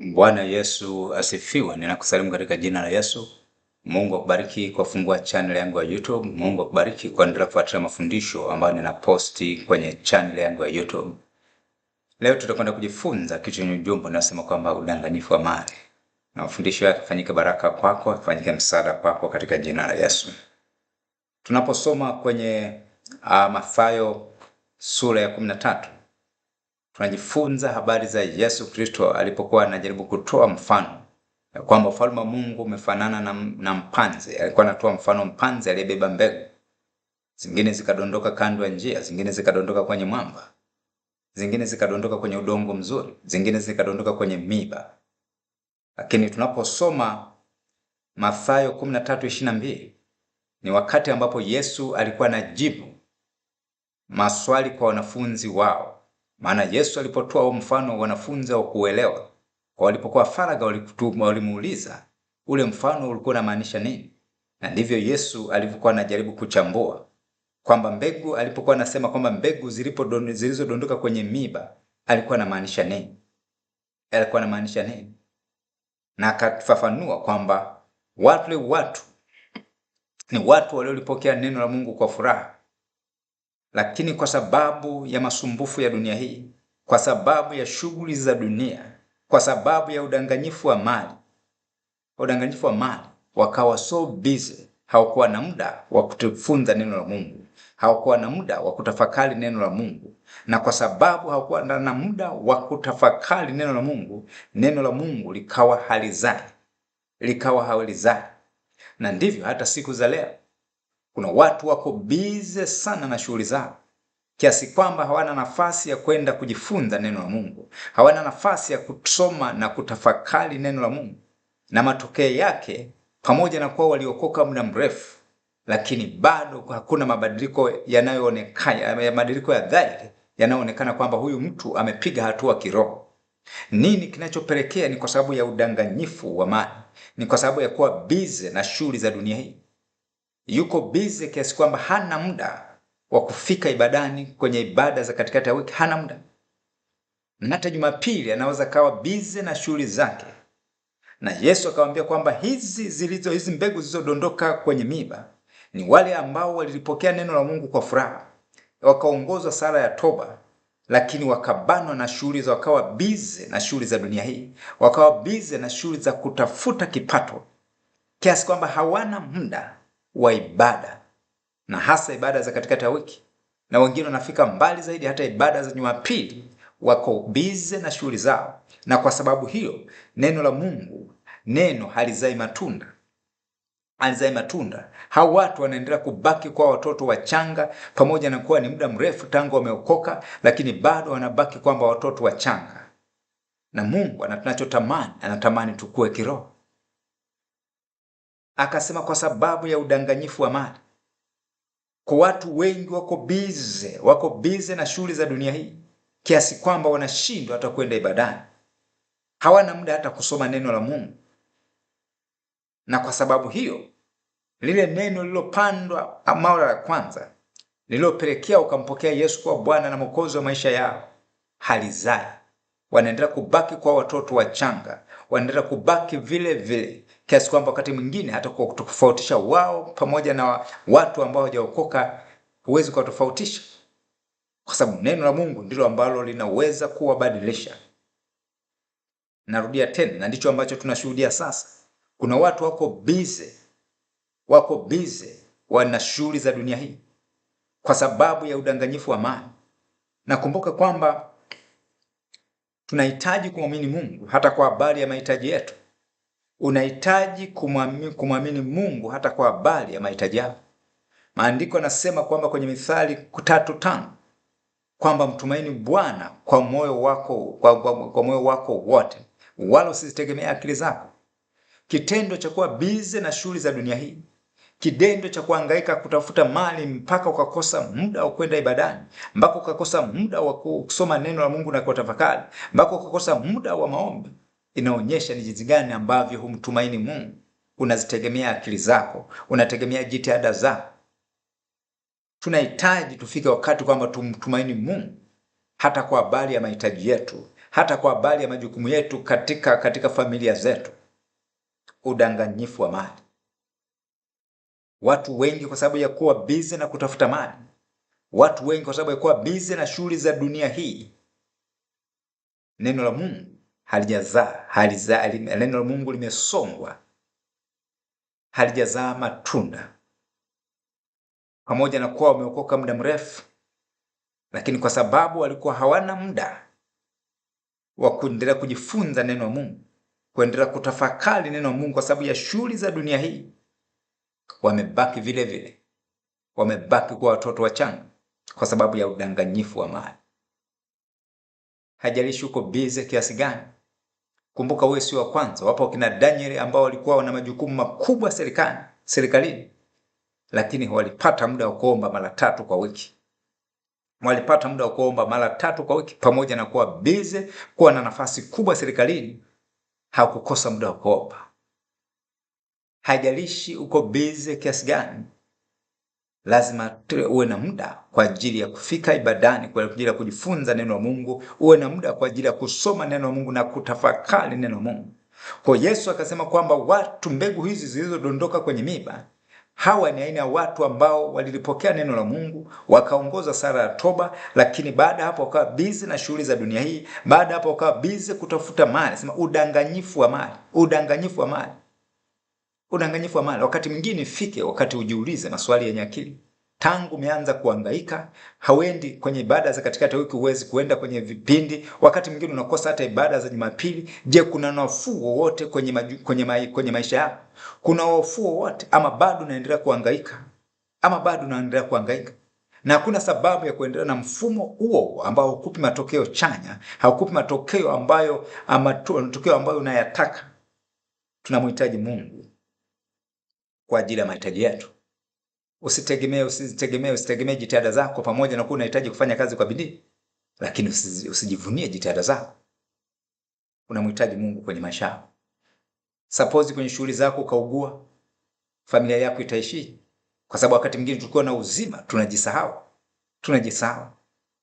Bwana Yesu asifiwe. Ninakusalimu katika jina la Yesu. Mungu akubariki kwa kufungua channel yangu ya YouTube. Mungu akubariki kwa endelea kufuatilia mafundisho ambayo ninaposti kwenye channel yangu ya YouTube. Leo tutakwenda kujifunza kitu chenye ujumbe unasema kwamba udanganyifu wa mali, na mafundisho yafanyike baraka kwako, yafanyike msaada kwako katika jina la Yesu. Tunaposoma kwenye uh, Mathayo sura ya 13 tunajifunza habari za Yesu Kristo alipokuwa anajaribu kutoa mfano kwamba ufalme wa Mungu umefanana na, na mpanzi. Alikuwa anatoa mfano mpanzi aliyebeba mbegu, zingine zikadondoka kando ya njia, zingine zikadondoka kwenye mwamba, zingine zikadondoka kwenye udongo mzuri, zingine zikadondoka kwenye miba. Lakini tunaposoma Mathayo 13:22 ni wakati ambapo Yesu alikuwa anajibu maswali kwa wanafunzi wao maana Yesu alipotoa mfano wanafunzi wa kuelewa kwa walipokuwa faraga, walimuuliza ule mfano ulikuwa unamaanisha nini? Na ndivyo Yesu alivyokuwa anajaribu kuchambua kwamba mbegu, alipokuwa anasema kwamba mbegu zilizodondoka kwenye miba alikuwa anamaanisha nini? Alikuwa anamaanisha nini? Na akafafanua kwamba wale watu ni watu waliolipokea neno la Mungu kwa furaha, lakini kwa sababu ya masumbufu ya dunia hii, kwa sababu ya shughuli za dunia, kwa sababu ya udanganyifu wa mali, udanganyifu wa mali, wakawa so busy, hawakuwa na muda wa kutufunza neno la Mungu, hawakuwa na muda wa kutafakari neno la Mungu. Na kwa sababu hawakuwa na muda wa kutafakari neno la Mungu, neno la Mungu likawa halizai, likawa hawalizai, na ndivyo hata siku za leo kuna watu wako bize sana na shughuli zao kiasi kwamba hawana nafasi ya kwenda kujifunza neno la Mungu, hawana nafasi ya kusoma na kutafakari neno la Mungu, na matokeo yake pamoja na kuwa waliokoka muda mrefu, lakini bado hakuna mabadiliko yanayoonekana, mabadiliko ya dhahiri yanayoonekana kwamba huyu mtu amepiga hatua kiroho. Nini kinachopelekea? Ni kwa sababu ya udanganyifu wa mali, ni kwa sababu ya kuwa bize na shughuli za dunia hii yuko bize kiasi kwamba hana muda wa kufika ibadani kwenye ibada za katikati ya wiki, hana muda. Na hata Jumapili anaweza kawa bize na shughuli zake, na Yesu akamwambia kwamba hizi zilizo hizi mbegu zilizodondoka kwenye miba ni wale ambao walilipokea neno la Mungu kwa furaha, wakaongozwa sala ya toba, lakini wakabanwa na shughuli za, wakawa bize na shughuli za dunia hii, wakawa bize na shughuli za kutafuta kipato kiasi kwamba hawana muda wa ibada na hasa ibada za katikati ya wiki, na wengine wanafika mbali zaidi, hata ibada za Jumapili wako bize na shughuli zao, na kwa sababu hiyo neno la Mungu, neno halizai matunda alizai matunda. Hao watu wanaendelea kubaki kwa watoto wachanga, pamoja na kuwa ni muda mrefu tangu wameokoka, lakini bado wanabaki kwamba watoto wachanga, na Mungu anatunachotamani, anatamani tukue kiroho. Akasema kwa sababu ya udanganyifu wa mali. Kwa watu wengi wako bize, wako bize na shughuli za dunia hii kiasi kwamba wanashindwa hata kwenda ibadani, hawana muda hata kusoma neno la Mungu. Na kwa sababu hiyo lile neno lililopandwa mara ya kwanza lililopelekea ukampokea Yesu kuwa Bwana na Mwokozi wa maisha yao halizai, wanaendelea kubaki kwa watoto wachanga, wanaendelea kubaki vile vile kiasi kwamba wakati mwingine hata kwa kutofautisha wao pamoja na watu ambao hawajaokoka huwezi kuwatofautisha, kwa sababu neno la Mungu ndilo ambalo linaweza kuwabadilisha. Narudia tena, na ndicho ambacho tunashuhudia sasa. Kuna watu wako bize, wako bize, wana shughuli za dunia hii kwa sababu ya udanganyifu wa mali. Nakumbuka kwamba tunahitaji kumwamini Mungu hata kwa habari ya mahitaji yetu. Unahitaji kumwamini Mungu hata kwa habari ya mahitaji yako. Maandiko yanasema kwamba kwenye Mithali tatu tano kwamba mtumaini Bwana kwa moyo wako, kwa, kwa, kwa moyo wako wote, wala usizitegemea akili zako. Kitendo cha kuwa bize na shughuli za dunia hii kidendo cha kuhangaika kutafuta mali mpaka ukakosa muda wa kwenda ibadani, mpaka ukakosa muda wa kusoma neno la Mungu na kutafakari, mpaka ukakosa muda wa maombi, inaonyesha ni jinsi gani ambavyo humtumaini Mungu. Unazitegemea akili zako, unategemea jitihada zako. Tunahitaji tufike wakati kwamba tumtumaini Mungu hata kwa habari ya mahitaji yetu, hata kwa habari ya majukumu yetu katika, katika familia zetu. Udanganyifu wa mali Watu wengi kwa sababu ya kuwa busy na kutafuta mali, watu wengi kwa sababu ya kuwa busy na shughuli za dunia hii, neno la Mungu halijazaa haliza, neno la Mungu limesongwa, halijazaa matunda. Pamoja na kuwa wameokoka muda mrefu, lakini kwa sababu walikuwa hawana muda wa kuendelea kujifunza neno la Mungu, kuendelea kutafakari neno la Mungu kwa sababu ya shughuli za dunia hii wamebaki vile vile, wamebaki kuwa watoto wachanga kwa sababu ya udanganyifu wa mali. Hajalishi uko bize kiasi gani. Kumbuka wewe sio wa kwanza. Wapo wakina Daniel ambao walikuwa wana majukumu makubwa serikali serikalini, lakini walipata muda wa kuomba mara tatu kwa wiki walipata muda wa kuomba mara tatu kwa wiki. Pamoja na kuwa bize, kuwa na nafasi kubwa serikalini, hakukosa muda wa kuomba haijalishi uko bize kiasi gani, lazima uwe na muda kwa ajili ya kufika ibadani, kwa ajili ya kujifunza neno la Mungu, uwe na muda kwa ajili ya kusoma neno la Mungu na kutafakari neno la Mungu. Kwa Yesu akasema kwamba watu mbegu hizi zilizodondoka kwenye miba hawa ni aina ya watu ambao walilipokea neno la Mungu wakaongoza sala ya toba, lakini baada hapo wakawa bize na shughuli za dunia hii. Baada hapo wakawa bize kutafuta mali, sema udanganyifu wa mali, udanganyifu wa mali udanganyifu wa mali. Wakati mwingine fike wakati ujiulize maswali yenye akili. Tangu umeanza kuangaika, hauendi kwenye ibada za katikati ya wiki, huwezi kuenda kwenye vipindi, wakati mwingine unakosa hata ibada za Jumapili. Je, kuna nafuu wowote kwenye, maju, kwenye, ma, kwenye maisha yako? Kuna nafuu wowote ama bado unaendelea kuangaika? Ama bado unaendelea kuangaika? Na hakuna sababu ya kuendelea na mfumo huo ambao hukupi matokeo chanya, haukupi matokeo ambayo, ama matokeo ambayo unayataka. Tunamhitaji Mungu kwa ajili ya mahitaji yetu. Usitegemee, usitegemee, usitegemee jitihada zako, pamoja na kuwa unahitaji kufanya kazi kwa bidii, lakini usijivunie jitihada zako. Unamhitaji Mungu kwenye maisha yako. Suppose kwenye shughuli zako ukaugua, familia yako itaishi? Kwa sababu wakati mwingine tulikuwa na uzima tunajisahau, tunajisahau.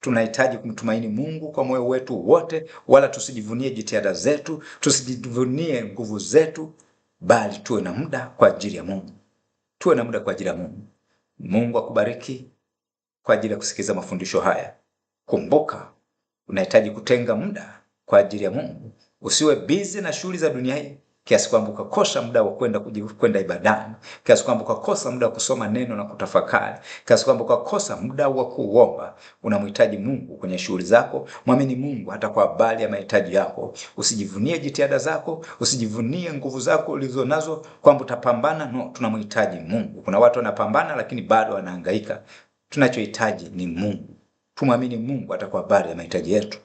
Tunahitaji kumtumaini Mungu kwa moyo wetu wote, wala tusijivunie jitihada zetu, tusijivunie nguvu zetu bali tuwe na muda kwa ajili ya Mungu, tuwe na muda kwa ajili ya Mungu. Mungu akubariki kwa ajili ya kusikiliza mafundisho haya. Kumbuka, unahitaji kutenga muda kwa ajili ya Mungu. Usiwe bizi na shughuli za dunia hii kiasi kwamba ukakosa muda wa kwenda kwenda ibadani, kiasi kwamba ukakosa muda wa kusoma neno na kutafakari, kiasi kwamba ukakosa muda wa kuomba. Unamhitaji Mungu kwenye shughuli zako. Mwamini Mungu hata kwa habari ya mahitaji yako. Usijivunie jitihada zako, usijivunie nguvu zako ulizonazo kwamba utapambana. No, tunamhitaji Mungu. Kuna watu wanapambana lakini bado wanahangaika. Tunachohitaji ni Mungu. Tumwamini Mungu hata kwa habari ya mahitaji yetu.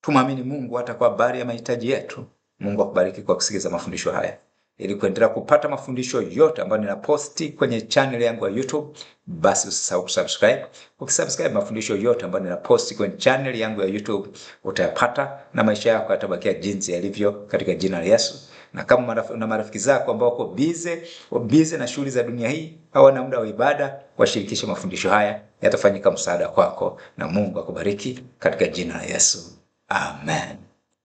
Tumwamini Mungu hata kwa habari ya mahitaji yetu. Mungu akubariki kwa kusikiza mafundisho haya. Ili kuendelea kupata mafundisho yote ambayo ninaposti kwenye channel yangu ya YouTube, basi usisahau kusubscribe. Ukisubscribe, mafundisho yote ambayo ninaposti kwenye channel yangu ya YouTube utayapata, na maisha yako yatabakia jinsi yalivyo katika jina la Yesu. Na kama una marafiki zako ambao wako bize bize na shughuli za dunia hii, hawana muda wa ibada, washirikishe mafundisho haya, yatafanyika msaada kwako, na Mungu akubariki katika jina la Yesu, amen.